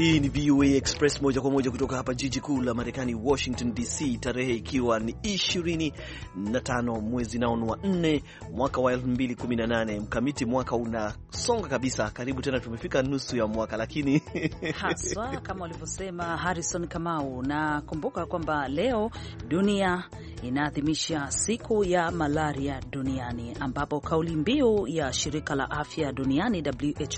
Hii ni VOA Express moja kwa moja kutoka hapa jiji kuu la Marekani, Washington DC, tarehe ikiwa ni 25 mwezi naon wa 4 mwaka wa 2018. Mkamiti, mwaka unasonga kabisa, karibu tena, tumefika nusu ya mwaka lakini haswa kama walivyosema Harrison Kamau, na kumbuka kwamba leo dunia inaadhimisha siku ya malaria duniani, ambapo kauli mbiu ya shirika la afya duniani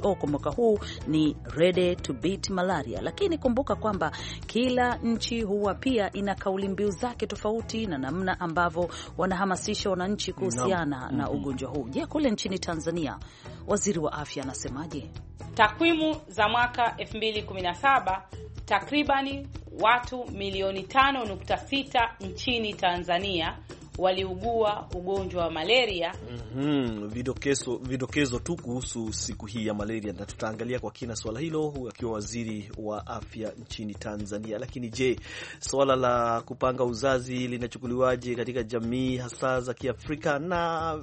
WHO kwa mwaka huu ni ready to beat malaria malaria. Lakini kumbuka kwamba kila nchi huwa pia ina kauli mbiu zake tofauti na namna ambavyo wanahamasisha wananchi kuhusiana no. na mhm. ugonjwa huu. Je, kule nchini Tanzania waziri wa afya anasemaje? Takwimu za mwaka 2017 takribani watu milioni 5.6 nchini Tanzania waliugua ugonjwa wa malaria. mm -hmm. Vidokezo, vidokezo tu kuhusu siku hii ya malaria, na tutaangalia kwa kina swala hilo akiwa waziri wa afya nchini Tanzania. Lakini je, swala la kupanga uzazi linachukuliwaje katika jamii hasa za Kiafrika na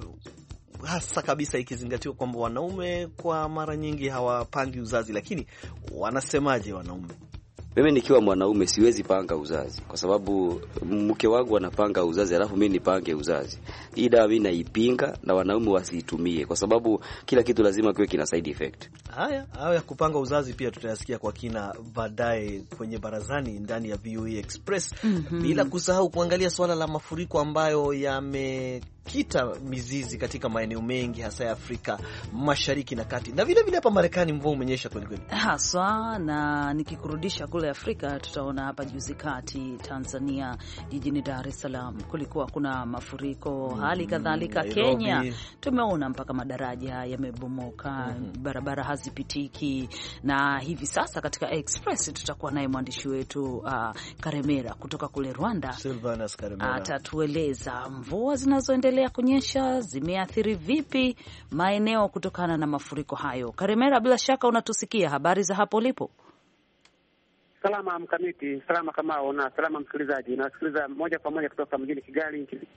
hasa kabisa ikizingatiwa kwamba wanaume kwa mara nyingi hawapangi uzazi, lakini wanasemaje wanaume? Mimi nikiwa mwanaume siwezi panga uzazi kwa sababu mke wangu anapanga uzazi, alafu mimi nipange uzazi. Hii dawa mimi naipinga na wanaume wasiitumie, kwa sababu kila kitu lazima kiwe kina side effect. Haya hayo ya kupanga uzazi pia tutayasikia kwa kina baadaye kwenye barazani ndani ya VOA e Express, mm -hmm. bila kusahau kuangalia swala la mafuriko ambayo yame kita mizizi katika maeneo mengi hasa ya Afrika Mashariki na Kati, na vilevile hapa Marekani mvua umenyesha kwelikweli haswa. Na nikikurudisha kule Afrika, tutaona hapa juzi kati Tanzania, jijini Dar es Salaam kulikuwa kuna mafuriko, mm, hali kadhalika mm, Kenya tumeona mpaka madaraja yamebomoka, mm -hmm. barabara hazipitiki, na hivi sasa katika Express tutakuwa naye mwandishi wetu uh, Karemera kutoka kule Rwanda, Silvanus Karemera atatueleza mvua zinazoendelea zinazoendelea kunyesha zimeathiri vipi maeneo kutokana na mafuriko hayo? Karemera, bila shaka unatusikia, habari za hapo ulipo? Salama Mkamiti, salama Kamao na salama msikilizaji, nawasikiliza moja kwa moja kutoka mjini Kigali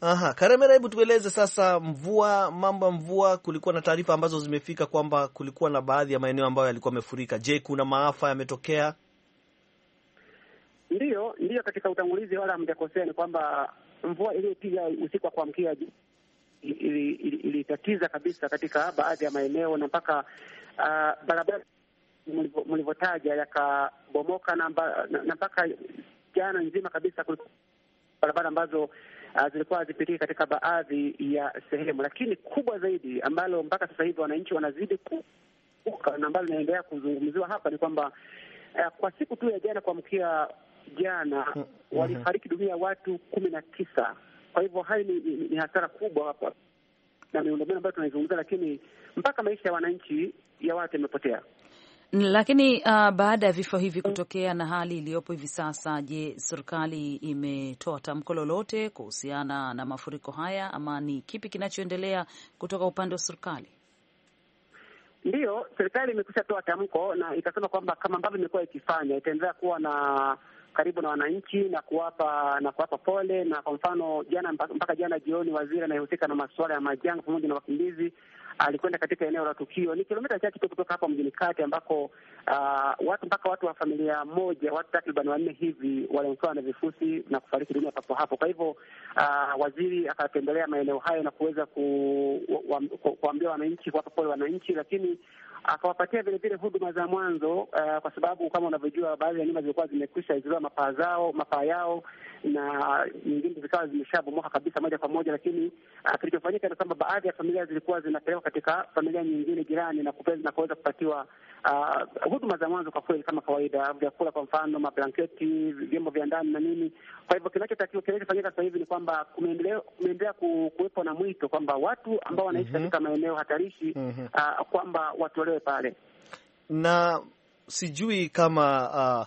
Aha, Karemera, hebu tueleze sasa, mvua, mambo ya mvua. Kulikuwa na taarifa ambazo zimefika kwamba kulikuwa na baadhi ya maeneo ambayo yalikuwa yamefurika. Je, kuna maafa yametokea? Ndiyo, ndiyo, katika utangulizi wala hamjakosea, ni kwamba mvua iliyopiga usiku wa kuamkia ilitatiza kabisa katika baadhi ya maeneo na mpaka uh, barabara mlivyotaja yakabomoka na mpaka jana nzima kabisa barabara ambazo uh, zilikuwa hazipitiki katika baadhi ya sehemu, lakini kubwa zaidi ambalo mpaka sasa hivi wananchi wanazidi kuuka na ambalo linaendelea kuzungumziwa hapa ni kwamba uh, kwa siku tu ya jana kuamkia jana mm-hmm. walifariki dunia watu kumi na tisa. Kwa hivyo hayo ni, ni, ni hasara kubwa hapa na miundombinu ambayo tunaizungumza, lakini mpaka maisha ya wananchi ya watu yamepotea. Lakini uh, baada ya vifo hivi kutokea na hali iliyopo hivi sasa, je, serikali imetoa tamko lolote kuhusiana na mafuriko haya ama ni kipi kinachoendelea kutoka upande wa serikali? Ndiyo, serikali imekwisha toa tamko na ikasema kwamba kama ambavyo imekuwa ikifanya itaendelea kuwa na karibu na wananchi na kuwapa na kuwapa pole. Na kwa mfano jana mpaka jana jioni, waziri anayehusika na masuala ya majanga pamoja na wakimbizi alikwenda katika eneo la tukio, ni kilomita chache tu kutoka hapa mjini kati, ambako uh, watu mpaka watu wa familia moja, watu takriban wanne hivi walinusurwa na vifusi na kufariki dunia papo hapo. Kwa hivyo uh, waziri akatembelea maeneo hayo na kuweza ku, wa, kuambia wananchi, kuwapa pole wananchi, lakini akawapatia vile vile huduma za mwanzo uh, kwa sababu kama unavyojua baadhi ya nyumba zilikuwa zimekwisha ziwa mapaa zao mapaa yao na nyingine zikawa zimeshabomoka kabisa moja kwa moja, lakini uh, kilichofanyika ni kwamba baadhi ya familia zilikuwa zinapelekwa katika familia nyingine jirani na kuweza kupatiwa uh, huduma za mwanzo kwa kweli, kama kawaida, vyakula kwa mfano, mablanketi, vyombo vya ndani na nini. Kwa hivyo kinachotakiwa, kinachofanyika sasa hivi ni kwamba kumeendelea kuwepo na mwito kwamba watu ambao wanaishi mhm. katika mm -hmm. maeneo hatarishi mm -hmm. uh, kwamba watolewe pale, na sijui kama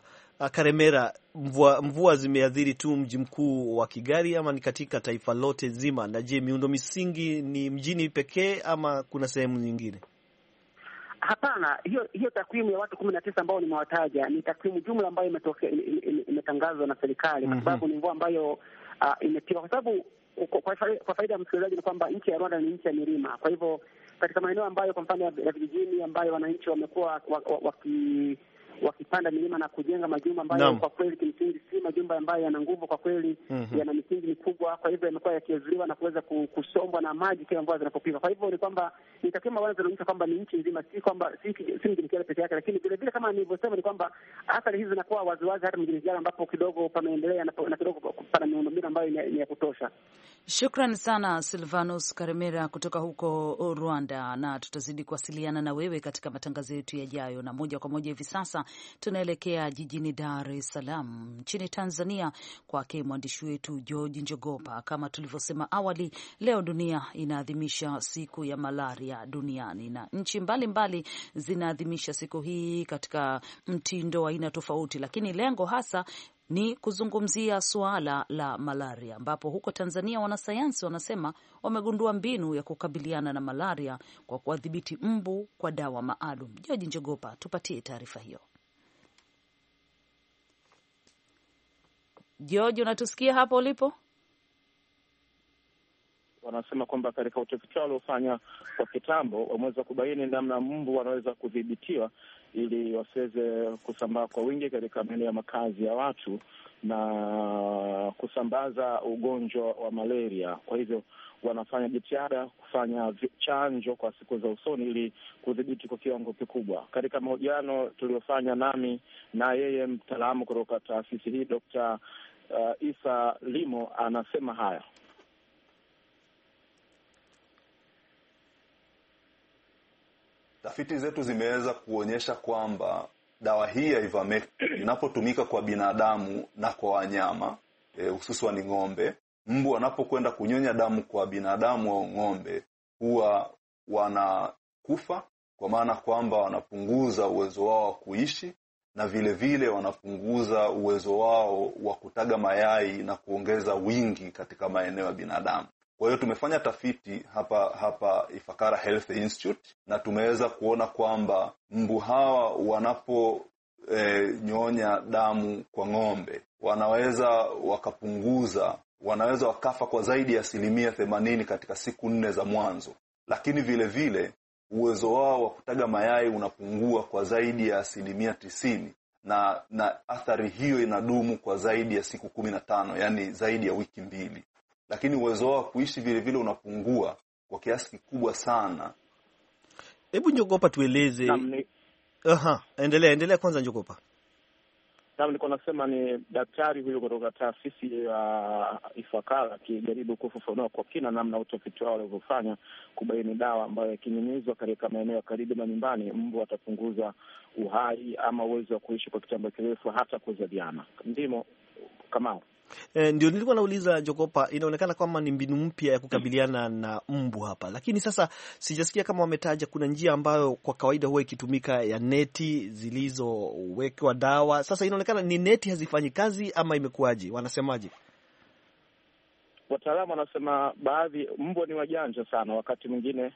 uh Karemera, mvua, mvua zimeathiri tu mji mkuu wa Kigali ama ni katika taifa lote zima? Na je, miundo misingi ni mjini pekee ama kuna sehemu nyingine? Hapana, hiyo hiyo takwimu ya watu kumi na tisa ambao nimewataja ni takwimu jumla ambayo imetokea, imetangazwa na serikali mm -hmm. kwa mhm. sababu ni mvua ambayo uh, imetiwa kwa sababu kwa faida ya msikilizaji ni kwamba nchi ya Rwanda ni nchi ya milima. Kwa hivyo katika maeneo ambayo kwa mfano ya vijijini ambayo wananchi wamekuwa wa wakipanda milima na kujenga majumba ambayo kwa kweli kimsingi si majumba ambayo yana nguvu kwa kweli, mm -hmm. yana misingi mikubwa, kwa hivyo yamekuwa yakiazuliwa na kuweza kusombwa na maji kila mvua zinapopika. Kwa hivyo ni kwamba ni takwimu ambazo zinaonyesha kwamba ni nchi nzima, si kwamba si mjini Kiara peke yake, lakini vile vile kama nilivyosema ni kwamba athari hizi zinakuwa waziwazi hata mjini Kiara ambapo kidogo pameendelea na kidogo pana miundombinu ambayo ni ya kutosha. Shukran sana Silvanus Karemera kutoka huko Rwanda, na tutazidi kuwasiliana na wewe katika matangazo yetu yajayo. Na moja kwa moja hivi sasa tunaelekea jijini Dar es Salaam nchini Tanzania, kwake mwandishi wetu George Njogopa. Kama tulivyosema awali, leo dunia inaadhimisha siku ya malaria duniani na nchi mbalimbali zinaadhimisha siku hii katika mtindo wa aina tofauti, lakini lengo hasa ni kuzungumzia suala la malaria ambapo huko Tanzania wanasayansi wanasema wamegundua mbinu ya kukabiliana na malaria kwa kuwadhibiti mbu kwa dawa maalum. Joji Njogopa, tupatie taarifa hiyo. George, unatusikia hapo ulipo? Wanasema kwamba katika utafiti wao waliofanya kwa kitambo wameweza kubaini namna mbu wanaweza kudhibitiwa ili wasiweze kusambaa kwa wingi katika maeneo ya makazi ya watu na kusambaza ugonjwa wa malaria. Kwa hivyo wanafanya jitihada kufanya chanjo kwa siku za usoni ili kudhibiti kwa kiwango kikubwa. Katika mahojiano tuliyofanya nami na yeye mtaalamu kutoka taasisi hii Dr uh, Isa Limo anasema haya. Tafiti zetu zimeweza kuonyesha kwamba dawa hii ya ivermectin inapotumika kwa binadamu na kwa wanyama eh, hususan e, ng'ombe, mbu wanapokwenda kunyonya damu kwa binadamu au ng'ombe, huwa wanakufa, kwa maana kwamba wanapunguza uwezo wao wa kuishi na vile vile wanapunguza uwezo wao wa kutaga mayai na kuongeza wingi katika maeneo ya binadamu. Kwa hiyo tumefanya tafiti hapa hapa Ifakara Health Institute na tumeweza kuona kwamba mbu hawa wanaponyonya eh, damu kwa ng'ombe wanaweza wakapunguza, wanaweza wakafa kwa zaidi ya asilimia themanini katika siku nne za mwanzo, lakini vile vile uwezo wao wa kutaga mayai unapungua kwa zaidi ya asilimia tisini na na athari hiyo inadumu kwa zaidi ya siku kumi na tano yaani zaidi ya wiki mbili, lakini uwezo wao wa kuishi vilevile unapungua kwa kiasi kikubwa sana. Hebu Njogopa tueleze. Aha, endelea endelea kwanza Njogopa. Naam, nilikuwa nasema ni daktari huyu kutoka taasisi ya uh, Ifakara akijaribu kufafanua kwa kina namna utafiti wao walivyofanya kubaini dawa ambayo ikinyunyizwa katika maeneo ya karibu na nyumbani, mbu atapunguza uhai ama uwezo wa kuishi kwa kitambo kirefu, hata kuzaliana. Ndimo Kamao. E, ndio nilikuwa nauliza Jokopa, inaonekana kwamba ni mbinu mpya ya kukabiliana mm, na mbu hapa, lakini sasa sijasikia kama wametaja kuna njia ambayo kwa kawaida huwa ikitumika ya neti zilizowekwa dawa. Sasa inaonekana ni neti hazifanyi kazi ama imekuwaje? Wanasemaje? Wataalamu wanasema baadhi, mbwa ni wajanja sana, wakati mwingine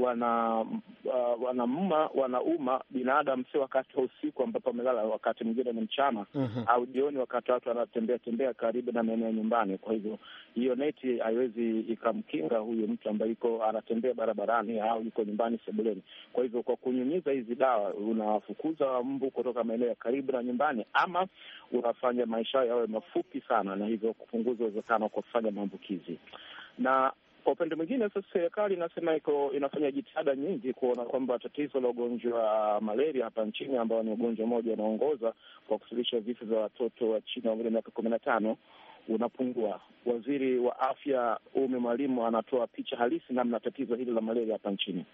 wana uh, wana wanauma binadamu, sio wakati wa usiku ambapo amelala, wakati mwingine ni mchana uh mhm. -huh. au jioni, wakati watu wanatembea tembea karibu na maeneo ya nyumbani. Kwa hivyo hiyo neti haiwezi ikamkinga huyu mtu ambaye iko anatembea barabarani au yuko nyumbani, sebuleni. Kwa hivyo kwa kunyunyiza hizi dawa unawafukuza mbu kutoka maeneo ya karibu na nyumbani, ama unafanya maisha yawe mafupi sana, na hivyo kupunguza uwezekano kwa kufanya maambukizi na kwa upande mwingine sasa, serikali inasema iko inafanya jitihada nyingi kuona kwamba tatizo la ugonjwa wa malaria hapa nchini ambao ni ugonjwa mmoja unaongoza kwa kusababisha vifo vya watoto wa chini ya umri wa miaka kumi na tano unapungua. Waziri wa Afya ume Mwalimu anatoa picha halisi namna tatizo hili la malaria hapa nchini.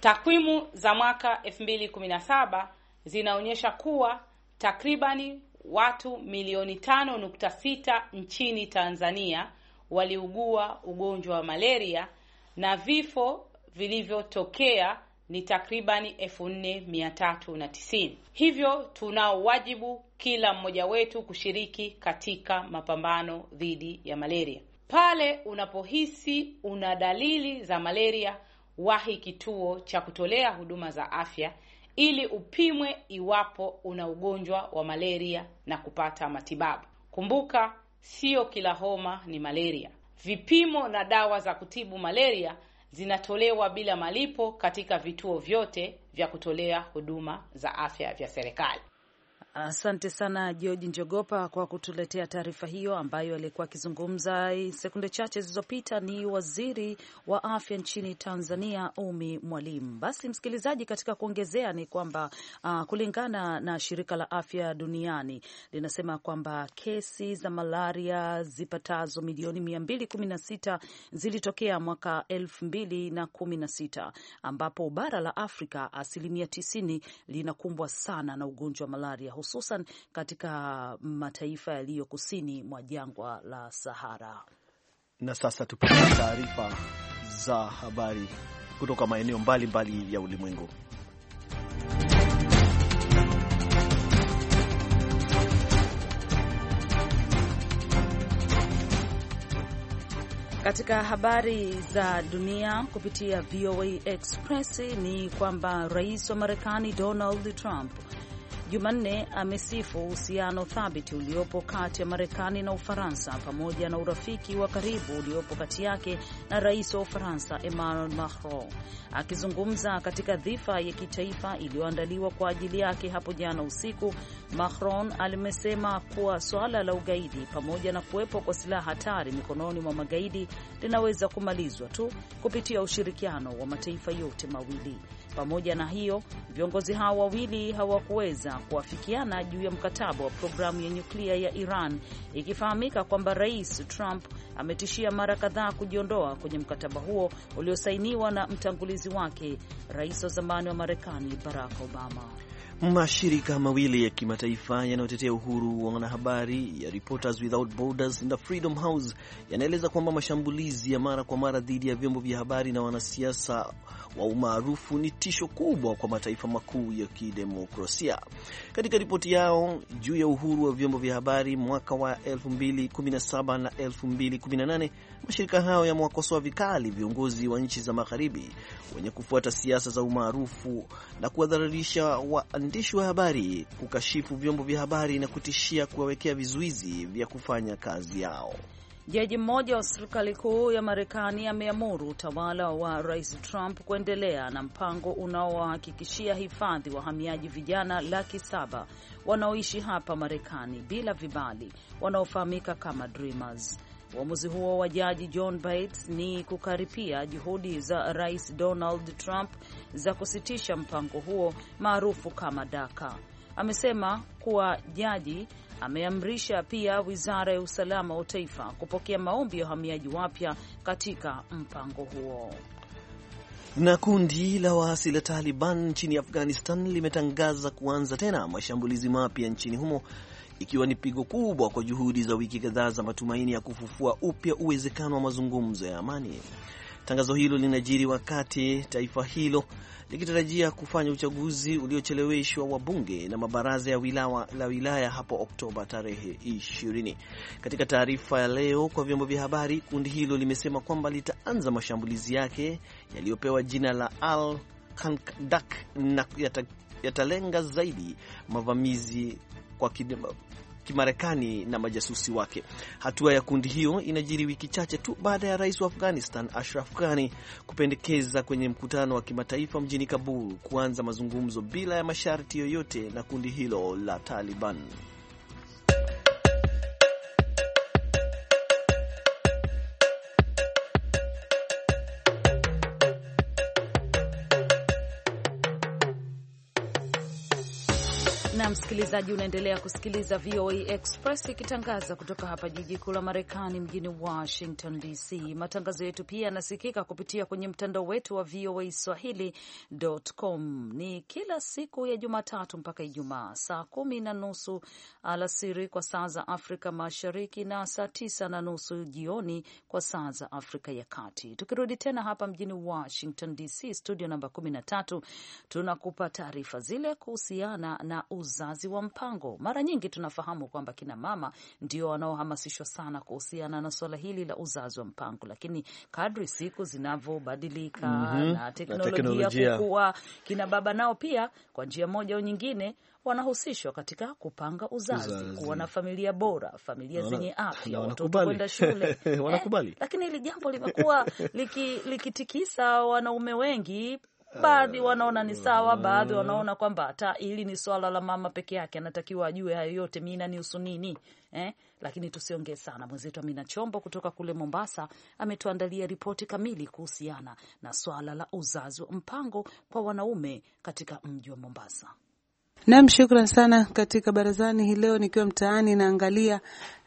Takwimu za mwaka elfu mbili kumi na saba zinaonyesha kuwa takribani watu milioni tano nukta sita nchini Tanzania waliugua ugonjwa wa malaria na vifo vilivyotokea ni takribani elfu nne mia tatu na tisini. Hivyo tunao wajibu kila mmoja wetu kushiriki katika mapambano dhidi ya malaria. Pale unapohisi una dalili za malaria, wahi kituo cha kutolea huduma za afya ili upimwe iwapo una ugonjwa wa malaria na kupata matibabu. Kumbuka, sio kila homa ni malaria. Vipimo na dawa za kutibu malaria zinatolewa bila malipo katika vituo vyote vya kutolea huduma za afya vya serikali. Asante sana George Njogopa kwa kutuletea taarifa hiyo ambayo alikuwa akizungumza sekunde chache zilizopita ni waziri wa afya nchini Tanzania Umi Mwalimu. Basi msikilizaji, katika kuongezea ni kwamba uh, kulingana na shirika la afya duniani linasema kwamba kesi za malaria zipatazo milioni 216 zilitokea mwaka 2016 ambapo bara la Afrika asilimia 90 linakumbwa sana na ugonjwa wa malaria hususan katika mataifa yaliyo kusini mwa jangwa la Sahara. Na sasa tupate taarifa za habari kutoka maeneo mbalimbali ya ulimwengu. Katika habari za dunia kupitia VOA Express ni kwamba rais wa Marekani Donald Trump Jumanne amesifu uhusiano thabiti uliopo kati ya Marekani na Ufaransa pamoja na urafiki wa karibu uliopo kati yake na rais wa Ufaransa Emmanuel Macron. Akizungumza katika dhifa ya kitaifa iliyoandaliwa kwa ajili yake hapo jana usiku, Macron alimesema kuwa suala la ugaidi pamoja na kuwepo kwa silaha hatari mikononi mwa magaidi linaweza kumalizwa tu kupitia ushirikiano wa mataifa yote mawili. Pamoja na hiyo, viongozi hao wawili hawakuweza kuafikiana juu ya mkataba wa programu ya nyuklia ya Iran, ikifahamika kwamba Rais Trump ametishia mara kadhaa kujiondoa kwenye mkataba huo uliosainiwa na mtangulizi wake, rais wa zamani wa Marekani Barack Obama. Mashirika mawili ya kimataifa yanayotetea uhuru wa wanahabari ya Reporters Without Borders na Freedom House yanaeleza kwamba mashambulizi ya mara kwa mara dhidi ya vyombo vya habari na wanasiasa wa umaarufu ni tisho kubwa kwa mataifa makuu ya kidemokrasia. Katika ripoti yao juu ya uhuru wa vyombo vya habari mwaka wa 2017 na 2018, mashirika hayo yamewakosoa vikali viongozi wa nchi za magharibi wenye kufuata siasa za umaarufu na kuwadhararisha waandishi wa habari, kukashifu vyombo vya habari na kutishia kuwawekea vizuizi vya kufanya kazi yao. Jaji mmoja wa serikali kuu ya Marekani ameamuru utawala wa Rais Trump kuendelea na mpango unaowahakikishia hifadhi wahamiaji vijana laki saba wanaoishi hapa Marekani bila vibali wanaofahamika kama dreamers. Uamuzi huo wa jaji John Bates ni kukaripia juhudi za Rais Donald Trump za kusitisha mpango huo maarufu kama DACA. Amesema kuwa jaji ameamrisha pia wizara ya usalama wa taifa kupokea maombi ya wahamiaji wapya katika mpango huo. Na kundi la waasi la Taliban nchini Afghanistan limetangaza kuanza tena mashambulizi mapya nchini humo ikiwa ni pigo kubwa kwa juhudi za wiki kadhaa za matumaini ya kufufua upya uwezekano wa mazungumzo ya amani. Tangazo hilo linajiri wakati taifa hilo likitarajia kufanya uchaguzi uliocheleweshwa wa bunge na mabaraza ya wilawa, la wilaya hapo Oktoba tarehe 20. Katika taarifa ya leo kwa vyombo vya habari, kundi hilo limesema kwamba litaanza mashambulizi yake yaliyopewa jina la Al Kandak na yatalenga zaidi mavamizi kwa Kimarekani na majasusi wake. Hatua ya kundi hiyo inajiri wiki chache tu baada ya rais wa Afghanistan Ashraf Ghani kupendekeza kwenye mkutano wa kimataifa mjini Kabul kuanza mazungumzo bila ya masharti yoyote na kundi hilo la Taliban. na msikilizaji, unaendelea kusikiliza VOA Express ikitangaza kutoka hapa jiji kuu la Marekani, mjini Washington DC. Matangazo yetu pia yanasikika kupitia kwenye mtandao wetu wa VOA Swahili.com. Ni kila siku ya Jumatatu mpaka Ijumaa saa kumi na nusu alasiri kwa saa za Afrika Mashariki na saa tisa na nusu jioni kwa saa za Afrika ya Kati. Tukirudi tena hapa mjini Washington DC, studio namba 13, tunakupa taarifa zile kuhusiana na uzi uzazi wa mpango. Mara nyingi tunafahamu kwamba kina mama ndio wanaohamasishwa sana kuhusiana na swala hili la uzazi wa mpango, lakini kadri siku zinavyobadilika mm -hmm. na teknolojia, kukua, kina baba nao pia kwa njia moja au nyingine wanahusishwa katika kupanga uzazi, uzazi, kuwa na familia bora, familia wana, zenye afya, watoto kwenda shule eh, lakini hili jambo limekuwa likitikisa wanaume wengi baadhi wanaona ni sawa, mm. baadhi wanaona kwamba hata hili ni swala la mama peke yake, anatakiwa ajue hayo yote, mimi inanihusu nini eh? Lakini tusiongee sana. Mwenzetu Amina Chombo kutoka kule Mombasa ametuandalia ripoti kamili kuhusiana na swala la uzazi wa mpango kwa wanaume katika mji wa Mombasa. Naam, shukran sana. Katika barazani hii leo nikiwa mtaani naangalia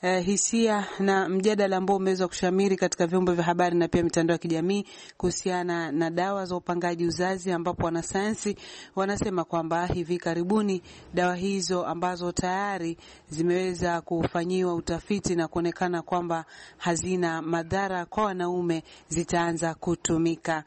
uh, hisia na mjadala ambao umeweza kushamiri katika vyombo vya habari na pia mitandao ya kijamii kuhusiana na dawa za upangaji uzazi, ambapo wanasayansi wanasema kwamba hivi karibuni dawa hizo ambazo tayari zimeweza kufanyiwa utafiti na kuonekana kwamba hazina madhara kwa wanaume zitaanza kutumika.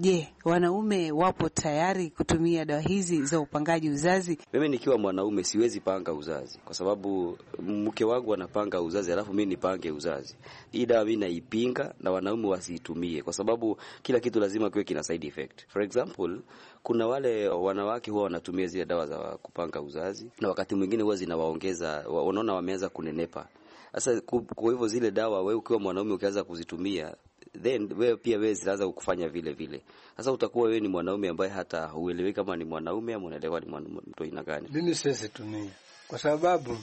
Je, wanaume wapo tayari kutumia dawa hizi za upangaji uzazi? Mimi nikiwa mwanaume siwezi panga uzazi kwa sababu mke wangu anapanga uzazi, alafu mimi nipange uzazi. Hii dawa mimi naipinga na wanaume wasiitumie, kwa sababu kila kitu lazima kiwe kina side effect. For example, kuna wale wanawake huwa wanatumia zile dawa za kupanga uzazi, na wakati mwingine huwa zinawaongeza, wanaona wameanza kunenepa. Sasa kwa hivyo zile dawa wewe ukiwa mwanaume ukianza kuzitumia then wewe pia wewe zinaanza kukufanya vile vile. Sasa utakuwa wewe ni mwanaume ambaye hata huelewi kama ni mwanaume ama unaelewa ni mtu aina gani. Mimi siwezi tumia, kwa sababu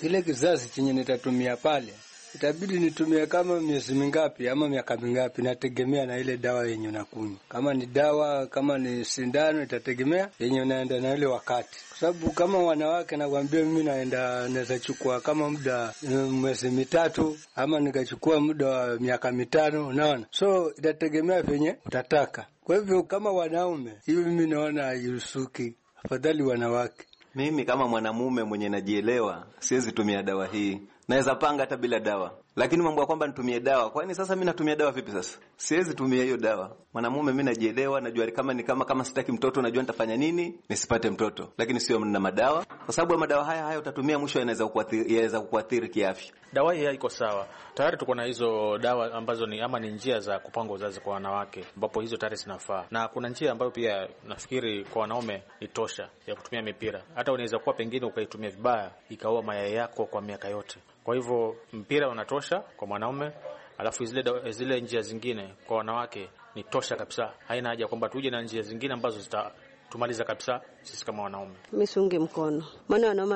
kile kizazi chenye nitatumia pale itabidi nitumie kama miezi mingapi ama miaka mingapi, nategemea na ile dawa yenye unakunywa. Kama ni dawa, kama ni sindano, itategemea yenye unaenda na ile wakati, kwa sababu kama wanawake, nakwambia mimi naenda, naweza chukua kama muda eh, mwezi mitatu ama nikachukua muda wa miaka mitano, unaona. So itategemea venye utataka. Kwa hivyo kama wanaume hivi, mimi naona yusuki afadhali wanawake. Mimi kama mwanamume mwenye najielewa, siwezi tumia dawa hii Naweza panga hata bila dawa. Lakini mambo ya kwamba nitumie dawa, kwani sasa mimi natumia dawa vipi? Sasa siwezi tumia hiyo dawa. Mwanamume mimi najielewa, najua kama ni kama kama sitaki mtoto, najua nitafanya nini nisipate mtoto, lakini sio na madawa, kwa sababu madawa haya haya utatumia, mwisho yanaweza kukuathiri, yanaweza kukuathiri kiafya. Dawa hii haiko sawa. Tayari tuko na hizo dawa ambazo ni ama ni njia za kupanga uzazi kwa wanawake, ambapo hizo tayari zinafaa, na kuna njia ambayo pia nafikiri kwa wanaume itosha ya kutumia mipira. Hata unaweza kuwa pengine ukaitumia vibaya, ikaua mayai yako kwa miaka yote. Kwa hivyo mpira unatosha tosha kwa mwanaume, alafu zile, zile njia zingine kwa wanawake ni tosha kabisa. Haina haja kwamba tuje na njia zingine ambazo zita tumaliza kabisa sisi kama wanaume. Mimi siungi mkono, maana wanaume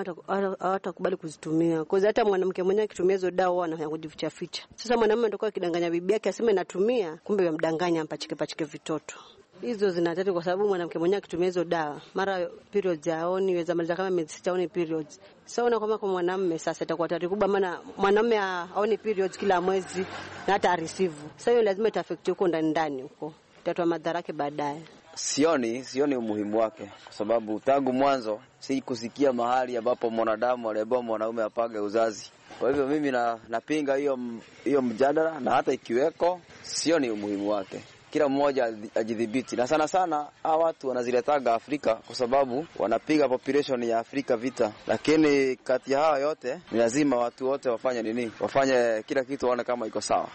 hawatakubali kuzitumia kwa hata mwanamke mwenyewe akitumia hizo dawa anaanza kujificha ficha. Sasa mwanaume atakuwa akidanganya bibi yake aseme natumia, kumbe yamdanganya mpachike pachike vitoto hizo zina hatari kwa sababu mwanamke mwenyewe akitumia hizo dawa, mara periods haoni, weza maliza kama miezi sita haoni periods. Sasa so, unakwama kwa mwanamume, sasa itakuwa hatari kubwa, maana mwanamume haoni periods kila mwezi na hata receive. Sasa so, hiyo lazima ita huko ndani ndani, huko itatoa madhara yake baadaye sioni sioni umuhimu wake, kwa sababu tangu mwanzo si kusikia mahali ambapo mwanadamu aliambiwa mwanaume apage uzazi. Kwa hivyo mimi na, napinga hiyo hiyo mjadala, na hata ikiweko sioni umuhimu wake. Kila mmoja ajidhibiti, na sana sana hawa watu wanaziletaga Afrika kwa sababu wanapiga population ya Afrika vita. Lakini kati ya hawa yote ni lazima watu wote wafanye nini? Wafanye kila kitu waone kama iko sawa.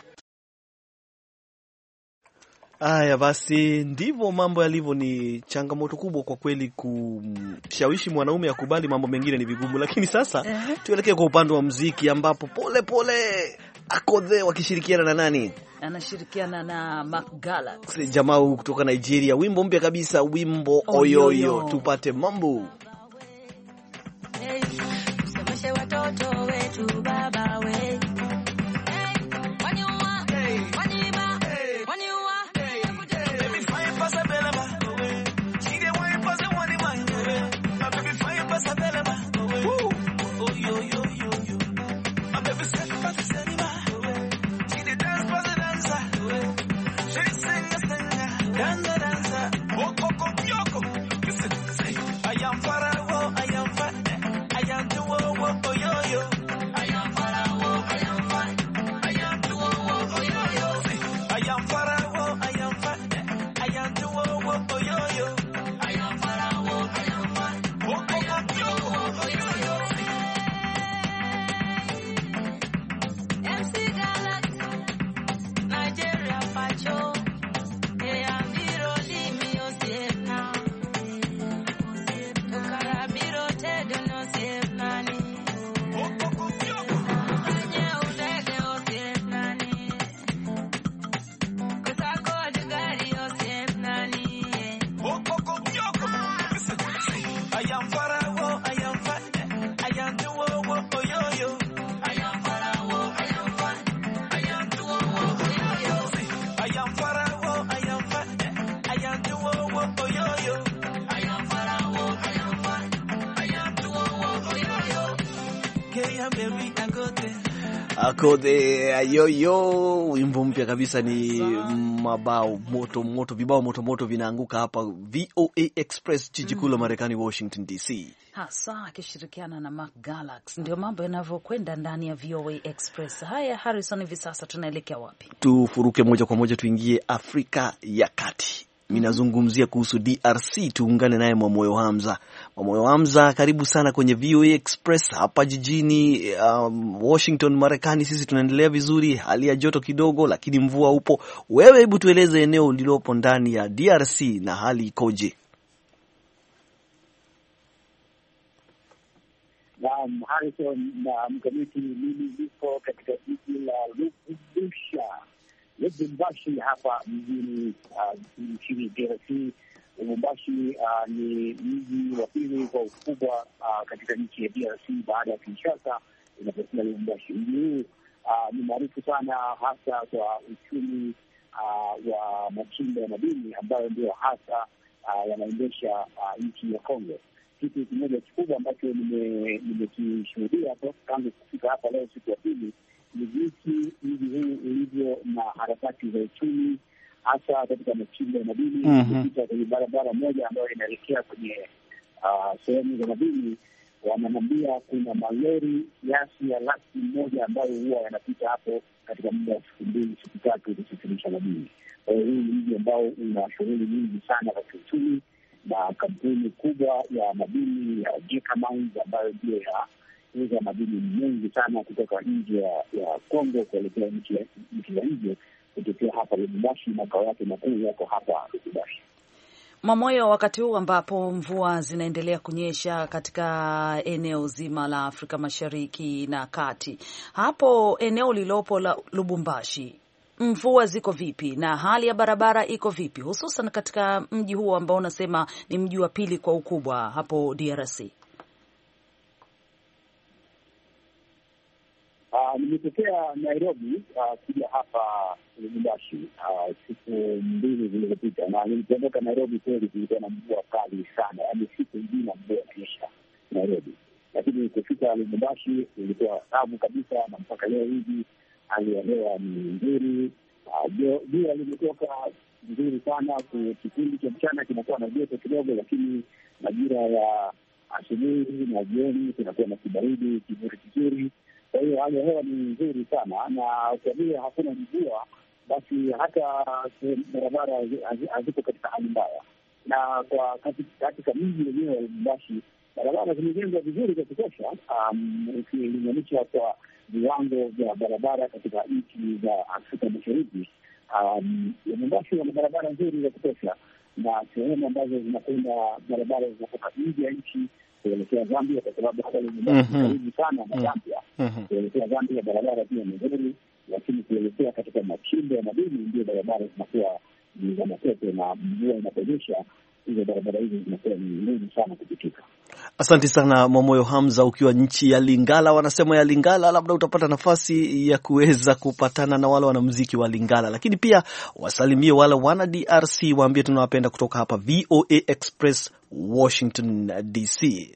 Haya basi, ndivyo mambo yalivyo. Ni changamoto kubwa kwa kweli, kumshawishi mwanaume akubali mambo mengine ni vigumu, lakini sasa tuelekee kwa upande wa muziki, ambapo pole pole Akodhe wakishirikiana na nani? Anashirikiana na Mac jamaa huu kutoka Nigeria, wimbo mpya kabisa, wimbo oyoyo, oyoyo. Tupate mambo hey, wako the ayoyo, wimbo mpya kabisa, ni mabao moto moto, vibao moto moto vinaanguka hapa VOA Express, jiji kuu la mm. Marekani, Washington DC, hasa akishirikiana na Mac Galax. Ndio mambo yanavyokwenda ndani ya VOA Express. Haya, Harrison, hivi sasa tunaelekea wapi? Tufuruke moja kwa moja tuingie Afrika ya Kati. Ninazungumzia kuhusu DRC. Tuungane naye Mwamoyo Hamza. Mwamoyo Hamza, karibu sana kwenye VOA Express hapa jijini um, Washington, Marekani. Sisi tunaendelea vizuri, hali ya joto kidogo, lakini mvua upo. Wewe hebu tueleze eneo ulilopo ndani ya DRC na hali ikoje? Naam, Harrison na mkamiti, mimi niko katika jiji la Lubusha Lubumbashi hapa mjini uh, nchini uh, DRC. Lubumbashi uh, ni mji wa pili kwa ukubwa uh, katika nchi ya DRC baada ya Kinshasa inaposema Lubumbashi. Mji huu uh, ni maarufu sana hasa kwa uchumi uh, wa machimbo ya madini ambayo ndio hasa uh, yanaendesha uh, nchi ya Kongo. Kitu kimoja kikubwa ambacho nimekishuhudia tangu kufika hapa leo siku ya pili ni jinsi mji huu ulivyo na harakati za uchumi, hasa katika machimbo ya madini. Mhm. Ukipita kwenye barabara moja ambayo inaelekea kwenye ah, sehemu za madini, wananiambia kuna malori kiasi ya laki moja ambayo huwa yanapita hapo katika muda wa siku mbili siku tatu kusafirisha madini. Kwa hiyo huu ni mji ambao una shughuli nyingi sana za kiuchumi na kampuni kubwa ya madini ya ambayo ndiyo ya kuuza madini mengi sana kutoka nje ya Kongo kuelekea nchi za nje kutokea hapa Lubumbashi. Makao yake makuu yako hapa Lubumbashi. Mamoyo, wakati huu ambapo mvua zinaendelea kunyesha katika eneo zima la Afrika Mashariki na Kati, hapo eneo lililopo la Lubumbashi, mvua ziko vipi na hali ya barabara iko vipi, hususan katika mji huo ambao unasema ni mji wa pili kwa ukubwa hapo DRC? Ah, nimetokea Nairobi ah, kuja hapa Lubumbashi ah, siku mbili zilizopita, na nilipoondoka Nairobi kweli kulikuwa na mvua kali sana, yaani siku nzima mvua inanyesha Nairobi, lakini kufika Lubumbashi ilikuwa kavu kabisa, na mpaka leo hivi hali ya hewa ni nzuri. Jua limetoka nzuri sana, kipindi cha mchana kinakuwa na joto kidogo, lakini majira ya asubuhi na jioni kunakuwa na kibaridi kizuri kizuri kwa hiyo hali ya hewa ni nzuri sana, na ukiambia hakuna mvua, basi hata barabara haziko katika hali mbaya, na kwa katika mji wenyewe basi barabara zimejengwa vizuri vya kutosha, um, ukilinganisha kwa viwango vya barabara katika nchi za Afrika Mashariki. Lubumbashi wana barabara nzuri za kutosha, na sehemu ambazo zinakwenda barabara zinatoka nje ya nchi kuelekea Zambia kwa sababu mhm. karibu sana na mhm. Zambia. Mhm. Kuelekea Zambia barabara pia ni nzuri, lakini kuelekea katika machimbo ya madini ndio barabara zinakuwa ni za matope, na mvua inaponyesha hizo barabara hizo zinakuwa ni ngumu sana kupitika. Asante sana Mwamoyo Hamza, ukiwa nchi ya Lingala, wanasema ya Lingala, labda utapata nafasi ya kuweza kupatana na wale wanamuziki wa Lingala, lakini pia wasalimie wale wana DRC, waambie tunawapenda kutoka hapa VOA Express Washington DC.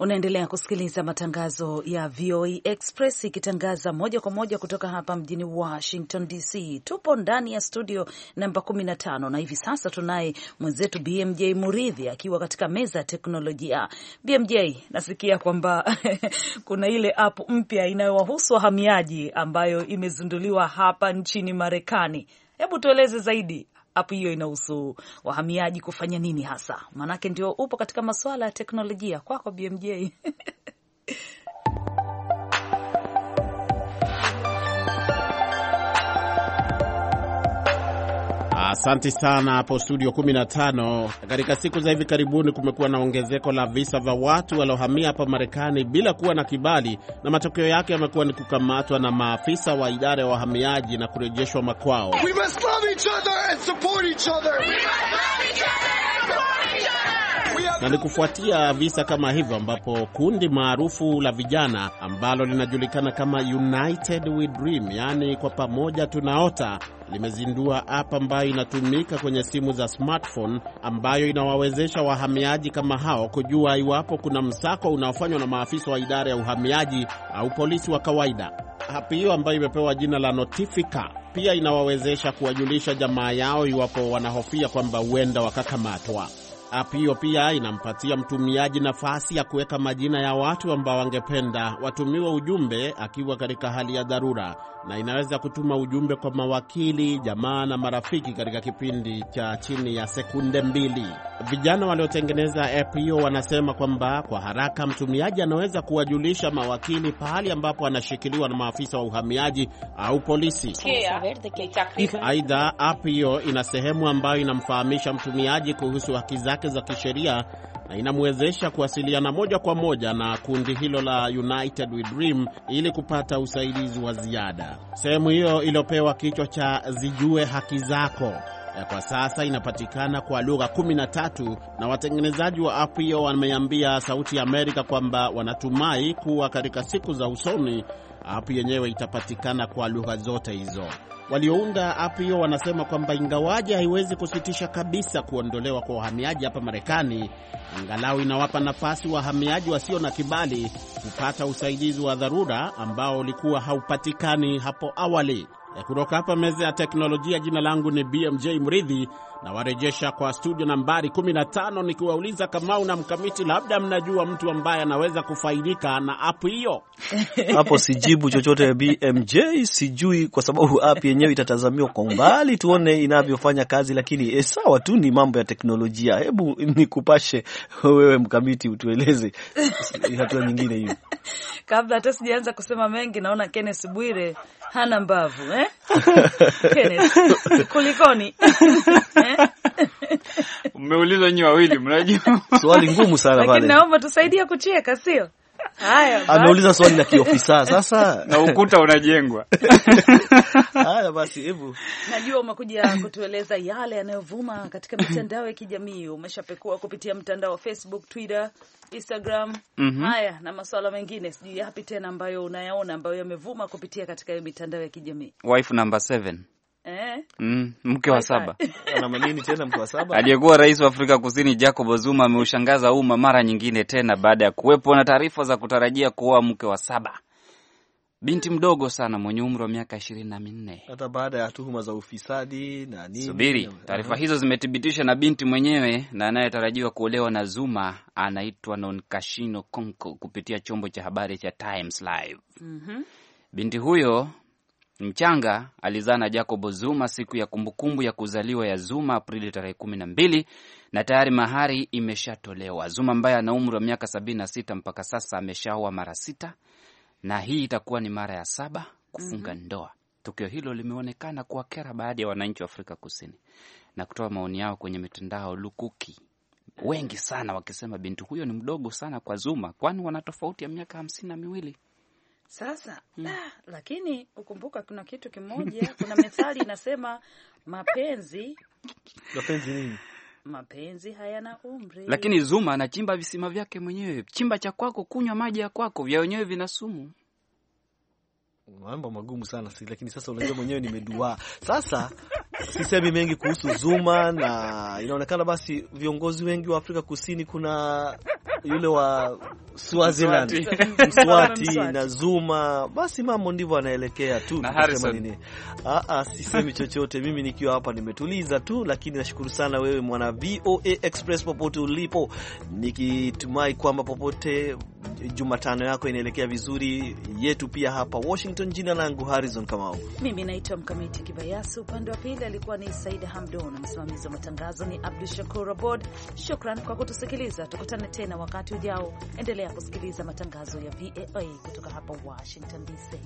Unaendelea kusikiliza matangazo ya VOA e Express ikitangaza moja kwa moja kutoka hapa mjini Washington DC. Tupo ndani ya studio namba 15 na hivi sasa tunaye mwenzetu BMJ Muridhi akiwa katika meza ya teknolojia. BMJ, nasikia kwamba kuna ile app mpya inayowahusu wahamiaji ambayo imezinduliwa hapa nchini Marekani. Hebu tueleze zaidi app hiyo inahusu wahamiaji kufanya nini hasa? Maanake ndio upo katika masuala ya teknolojia. Kwako BMJ. Asanti sana hapo studio 15. Katika siku za hivi karibuni kumekuwa na ongezeko la visa vya watu waliohamia hapa Marekani bila kuwa na kibali, na matokeo yake yamekuwa ni kukamatwa na maafisa wa idara ya wahamiaji na kurejeshwa makwao. We must love each other and support each other. We must love each other na ni kufuatia visa kama hivyo ambapo kundi maarufu la vijana ambalo linajulikana kama United We Dream, yaani kwa pamoja tunaota, limezindua app ambayo inatumika kwenye simu za smartphone ambayo inawawezesha wahamiaji kama hao kujua iwapo kuna msako unaofanywa na maafisa wa idara ya uhamiaji au polisi wa kawaida. App hiyo ambayo imepewa jina la notifica pia inawawezesha kuwajulisha jamaa yao iwapo wanahofia kwamba huenda wakakamatwa. App hiyo pia inampatia mtumiaji nafasi ya kuweka majina ya watu ambao wangependa watumiwe ujumbe akiwa katika hali ya dharura, na inaweza kutuma ujumbe kwa mawakili, jamaa na marafiki katika kipindi cha chini ya sekunde mbili. Vijana waliotengeneza app hiyo wanasema kwamba kwa haraka mtumiaji anaweza kuwajulisha mawakili pahali ambapo anashikiliwa na maafisa wa uhamiaji au polisi. Aidha, app hiyo ina sehemu ambayo inamfahamisha mtumiaji kuhusu haki zake zake za kisheria na inamwezesha kuwasiliana moja kwa moja na kundi hilo la United We Dream ili kupata usaidizi wa ziada. Sehemu hiyo iliyopewa kichwa cha Zijue Haki Zako ya eh, kwa sasa inapatikana kwa lugha 13 na watengenezaji wa app hiyo wameambia Sauti ya Amerika kwamba wanatumai kuwa katika siku za usoni app yenyewe itapatikana kwa lugha zote hizo. Waliounda app hiyo wanasema kwamba ingawaji haiwezi kusitisha kabisa kuondolewa kwa wahamiaji hapa Marekani, angalau inawapa nafasi wahamiaji wasio na kibali kupata usaidizi wa dharura ambao ulikuwa haupatikani hapo awali. Eh, kutoka hapa meza ya teknolojia, jina langu ni BMJ Mridhi na warejesha kwa studio nambari 15 nikiwauliza Kamau na Mkamiti, labda mnajua mtu ambaye anaweza kufaidika na app hiyo. Hapo sijibu chochote BMJ, sijui kwa sababu app yenyewe itatazamiwa kwa umbali tuone inavyofanya kazi, lakini e, sawa tu, ni mambo ya teknolojia. Hebu nikupashe wewe Mkamiti, utueleze hatua nyingine hiyo kabla hata sijaanza kusema mengi, naona Kenneth Bwire hana mbavu eh? Kenneth, kulikoni eh? Mmeuliza nyinyi wawili, mnajua swali ngumu sana pale, lakini naomba tusaidie kucheka, sio? Haya, ameuliza swali la kiofisa sasa, na ukuta unajengwa. Haya basi, hebu najua umekuja kutueleza yale yanayovuma katika mitandao ya kijamii. Umeshapekua kupitia mtandao wa Facebook, Twitter, Instagram. mm -hmm. Haya, na masuala mengine sijui yapi tena ambayo unayaona ambayo yamevuma kupitia katika mitandao ya kijamii. Wife number 7 Eh? Mm, mke wa saba aliyekuwa rais wa Afrika Kusini Jacob Zuma ameushangaza umma mara nyingine tena baada ya kuwepo na taarifa za kutarajia kuoa mke wa saba, binti mdogo sana mwenye umri wa miaka ishirini na minne. Hata baada ya tuhuma za ufisadi na nini. Subiri, taarifa hizo zimethibitishwa na binti mwenyewe na anayetarajiwa kuolewa na Zuma anaitwa Nonkashino Konko kupitia chombo cha habari cha Times Live. Mm -hmm. Binti huyo Mchanga alizaa na Jacob Zuma siku ya kumbukumbu ya kuzaliwa ya Zuma Aprili tarehe kumi na mbili na tayari mahari imeshatolewa. Zuma ambaye ana umri wa miaka sabini na sita mpaka sasa ameshaoa mara sita na hii itakuwa ni mara ya saba kufunga mm -hmm. ndoa. Tukio hilo limeonekana kuwakera baadhi ya wananchi wa Afrika Kusini na kutoa maoni yao kwenye mitandao lukuki, wengi sana wakisema binti huyo ni mdogo sana kwa Zuma, kwani wana tofauti ya miaka hamsini na miwili. Sasa hmm. Ah, lakini ukumbuka kuna kitu kimoja, kuna methali inasema mapenzi mapenzi nini? Mapenzi hayana umri. Lakini Zuma anachimba visima vyake mwenyewe, chimba cha kwako, kunywa maji ya kwako, vya wenyewe vina sumu. Mambo magumu sana si, lakini sasa unajua mwenyewe nimeduaa sasa. Sisemi mengi kuhusu Zuma, na inaonekana basi viongozi wengi wa Afrika Kusini, kuna yule wa Swaziland, Mswati na Zuma. Basi mambo ndivyo anaelekea tu, tunasema nini? Ah, ah, sisemi chochote mimi nikiwa hapa nimetuliza tu, lakini nashukuru sana wewe mwana VOA Express popote ulipo, nikitumai kwamba popote Jumatano yako inaelekea vizuri, yetu pia hapa Washington. Jina langu Harrison Kamau, mimi naitwa Mkamiti Kibayasi. Upande wa pili alikuwa ni Saida Hamdon na msimamizi wa matangazo ni Abdul Shakur Abod. Shukran kwa kutusikiliza, tukutane tena wakati ujao. Endelea Unaendelea kusikiliza matangazo ya VOA kutoka hapa Washington DC.